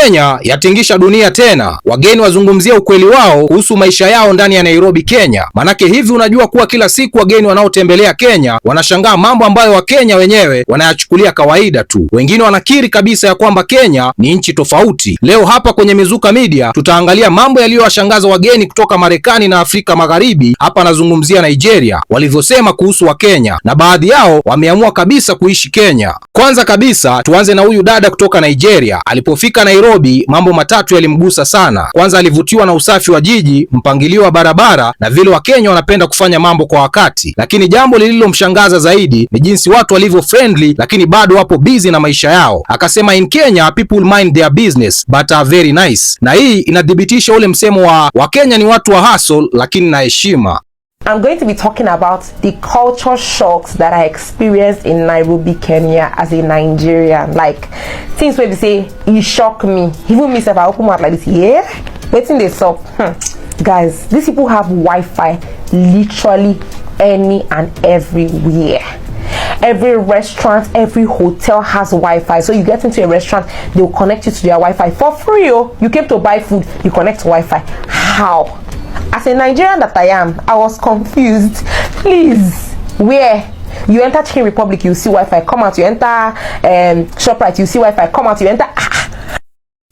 Kenya yatingisha dunia tena, wageni wazungumzia ukweli wao kuhusu maisha yao ndani ya Nairobi, Kenya. Manake hivi unajua kuwa kila siku wageni wanaotembelea Kenya wanashangaa mambo ambayo Wakenya wenyewe wanayachukulia kawaida tu. Wengine wanakiri kabisa ya kwamba Kenya ni nchi tofauti. Leo hapa kwenye Mizuka Media tutaangalia mambo yaliyowashangaza wageni kutoka Marekani na Afrika Magharibi, hapa nazungumzia Nigeria, walivyosema kuhusu Wakenya na baadhi yao wameamua kabisa kuishi Kenya. Kwanza kabisa tuanze na huyu dada kutoka Nigeria alipofika na Nairobi, mambo matatu yalimgusa sana. Kwanza, alivutiwa na usafi wa jiji, mpangilio wa barabara na vile Wakenya wanapenda kufanya mambo kwa wakati. Lakini jambo lililomshangaza zaidi ni jinsi watu walivyo friendly, lakini bado wapo busy na maisha yao. Akasema, in Kenya people mind their business but are very nice, na hii inathibitisha ule msemo wa Wakenya ni watu wa hustle lakini na heshima. I'm going to be talking about the culture shocks that I experienced in Nairobi, Kenya as a Nigerian. Like things where they say, you shock me. Even myself, I open my mouth like this, yeah? Waiting this up. Hmm. Guys, these people have Wi-Fi literally any and everywhere. Every restaurant, every hotel has Wi-Fi. So you get into a restaurant, they'll connect you to their Wi-Fi for free. Oh, you came to buy food, you connect to Wi-Fi. How? as a Nigerian that I am, I was confused. Please, where? You enter Chicken Republic, you see Wi-Fi. Come out, you enter um, ShopRite, you see Wi-Fi. Come out, you enter. Ah,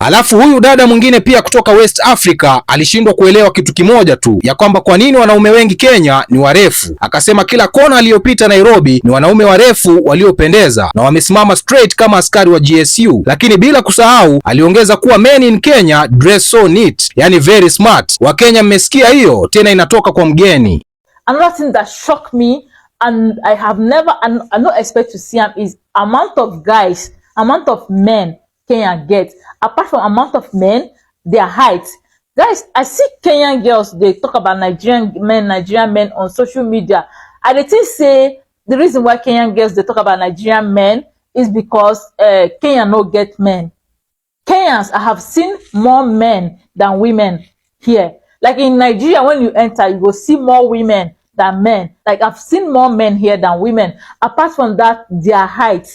Alafu huyu dada mwingine pia kutoka West Africa alishindwa kuelewa kitu kimoja tu, ya kwamba kwa nini wanaume wengi Kenya ni warefu. Akasema kila kona aliyopita Nairobi ni wanaume warefu waliopendeza na wamesimama straight kama askari wa GSU. Lakini bila kusahau, aliongeza kuwa men in Kenya dress so neat, yani very smart. Wakenya mmesikia hiyo, tena inatoka kwa mgeni. Another thing that shocked me and I have never and I not expect to see him is amount of guys, amount of men Kenya gets apart from amount of men, their height. Guys, I see Kenyan girls, they talk about Nigerian men, Nigerian men on social media. I they think say the reason why Kenyan girls they talk about Nigerian men is because uh, Kenya no get men. Kenyans, I have seen more men than women here. Like in Nigeria, when you enter, you will see more women than men. Like I've seen more men here than women. Apart from that, their height.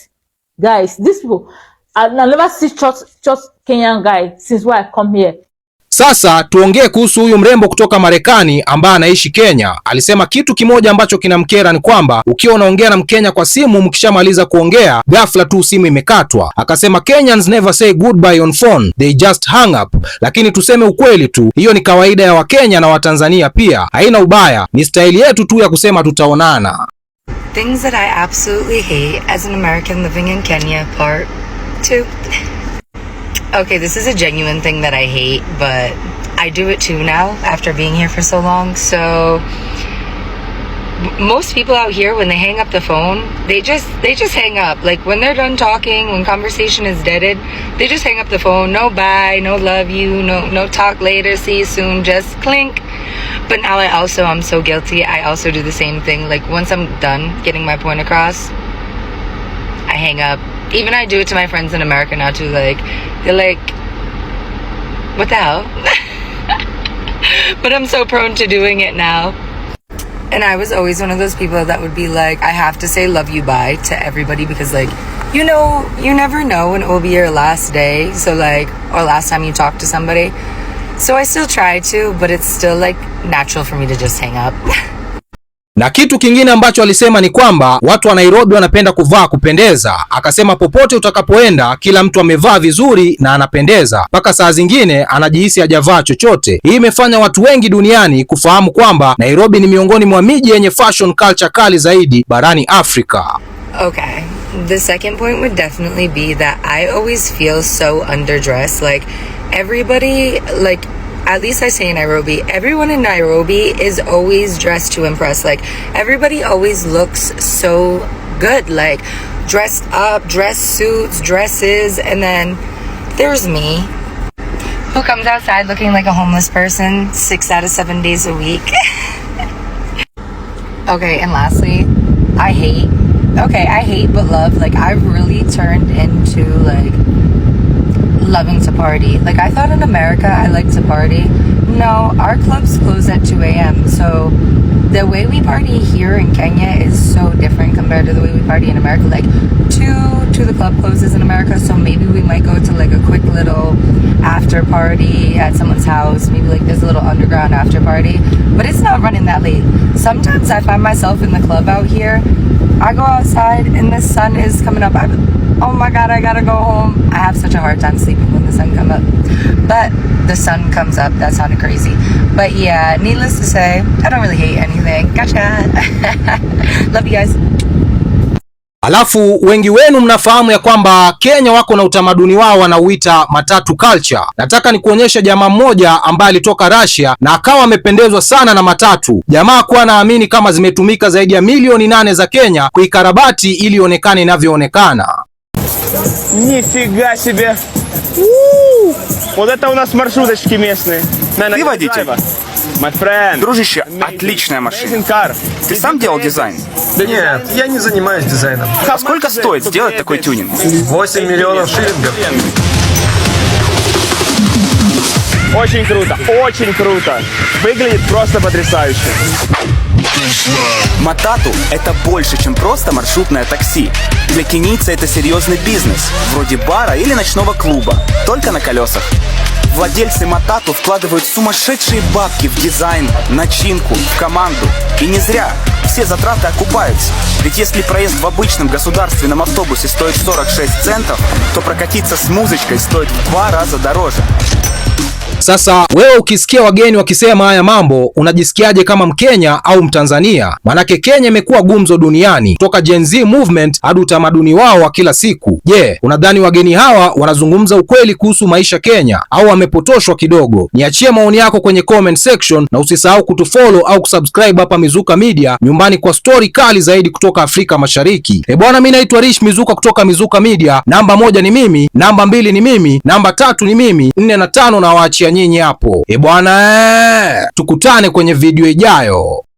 Guys, This people, I never see short, short Kenyan guy since why I come here. Sasa tuongee kuhusu huyu mrembo kutoka Marekani ambaye anaishi Kenya. Alisema kitu kimoja ambacho kinamkera ni kwamba ukiwa unaongea na Mkenya kwa simu, mkishamaliza kuongea, ghafla tu simu imekatwa. Akasema Kenyans never say goodbye on phone, they just hang up. Lakini tuseme ukweli tu, hiyo ni kawaida ya Wakenya na Watanzania pia, haina ubaya, ni staili yetu tu ya kusema tutaonana. Things that I absolutely hate as an American living in Kenya part too. Okay, this is a genuine thing that I hate, but I do it too now after being here for so long. So most people out here when they hang up the phone, they just they just hang up. Like when they're done talking, when conversation is deaded, they just hang up the phone. No bye, no love you, no no talk later, see you soon, just clink. But now I also I'm so guilty. I also do the same thing. Like once I'm done getting my point across, I hang up even I do it to my friends in America now too. Like, they're like, what the hell? but I'm so prone to doing it now. And I was always one of those people that would be like, I have to say love you bye to everybody because, like, you know, you never know when it will be your last day. So, like, or last time you talk to somebody. So I still try to, but it's still like natural for me to just hang up. Na kitu kingine ambacho alisema ni kwamba watu wa Nairobi wanapenda kuvaa kupendeza. Akasema popote utakapoenda, kila mtu amevaa vizuri na anapendeza, mpaka saa zingine anajihisi hajavaa chochote. Hii imefanya watu wengi duniani kufahamu kwamba Nairobi ni miongoni mwa miji yenye fashion culture kali zaidi barani Afrika. Okay. The second point would definitely be that I always feel so underdressed like everybody like at least I say in Nairobi, everyone in Nairobi is always dressed to impress. Like everybody always looks so good, like dressed up, dress suits, dresses, and then there's me who comes outside looking like a homeless person six out of seven days a week. okay, and lastly, I hate. Okay, I hate but love. Like I've really turned into like loving to party. Like I thought in America I like to party. No, our clubs close at 2 a.m. So the way we party here in Kenya is so different compared to the way we party in America. Like two to the club closes in America, so maybe we might go to like a quick little after party at someone's house. Maybe like there's a little underground after party, but it's not running that late. Sometimes I find myself in the club out here I go outside and the sun is coming up. I, oh my God, I gotta go home. I have such a hard time sleeping when the sun comes up. But the sun comes up. That sounded crazy. But yeah, needless to say, I don't really hate anything. Gotcha. Love you guys. Alafu wengi wenu mnafahamu ya kwamba Kenya wako na utamaduni wao wanauita matatu culture. Nataka nikuonyeshe jamaa mmoja ambaye alitoka Russia na akawa amependezwa sana na matatu. Jamaa kuwa naamini kama zimetumika zaidi ya milioni nane za Kenya kuikarabati ili ionekane inavyoonekana. Nifiga себе. Вот это у нас маршруточки местные. Дружище, отличная машина. Ты сам делал дизайн? Да нет, я не занимаюсь дизайном. А сколько стоит сделать такой тюнинг? 8 миллионов шиллингов. Очень круто, очень круто. Выглядит просто потрясающе. Матату – это больше, чем просто маршрутное такси. Для кенийца это серьезный бизнес, вроде бара или ночного клуба, только на колесах. Владельцы Матату вкладывают сумасшедшие бабки в дизайн, начинку, в команду. И не зря все затраты окупаются. Ведь если проезд в обычном государственном автобусе стоит 46 центов, то прокатиться с музычкой стоит в два раза дороже. Sasa wewe ukisikia wageni wakisema haya mambo unajisikiaje kama Mkenya au Mtanzania? Manake Kenya imekuwa gumzo duniani toka Gen Z movement hadi utamaduni wao wa kila siku. Je, yeah, unadhani wageni hawa wanazungumza ukweli kuhusu maisha Kenya au wamepotoshwa kidogo? Niachie maoni yako kwenye comment section na usisahau kutufollow au kusubscribe hapa Mizuka Media, nyumbani kwa stori kali zaidi kutoka Afrika Mashariki. Eh bwana, mimi naitwa Rish Mizuka kutoka Mizuka Media. Namba moja ni mimi, namba mbili ni mimi, namba tatu ni mimi, nne na tano na waachia nyinyi hapo. E bwana, tukutane kwenye video ijayo.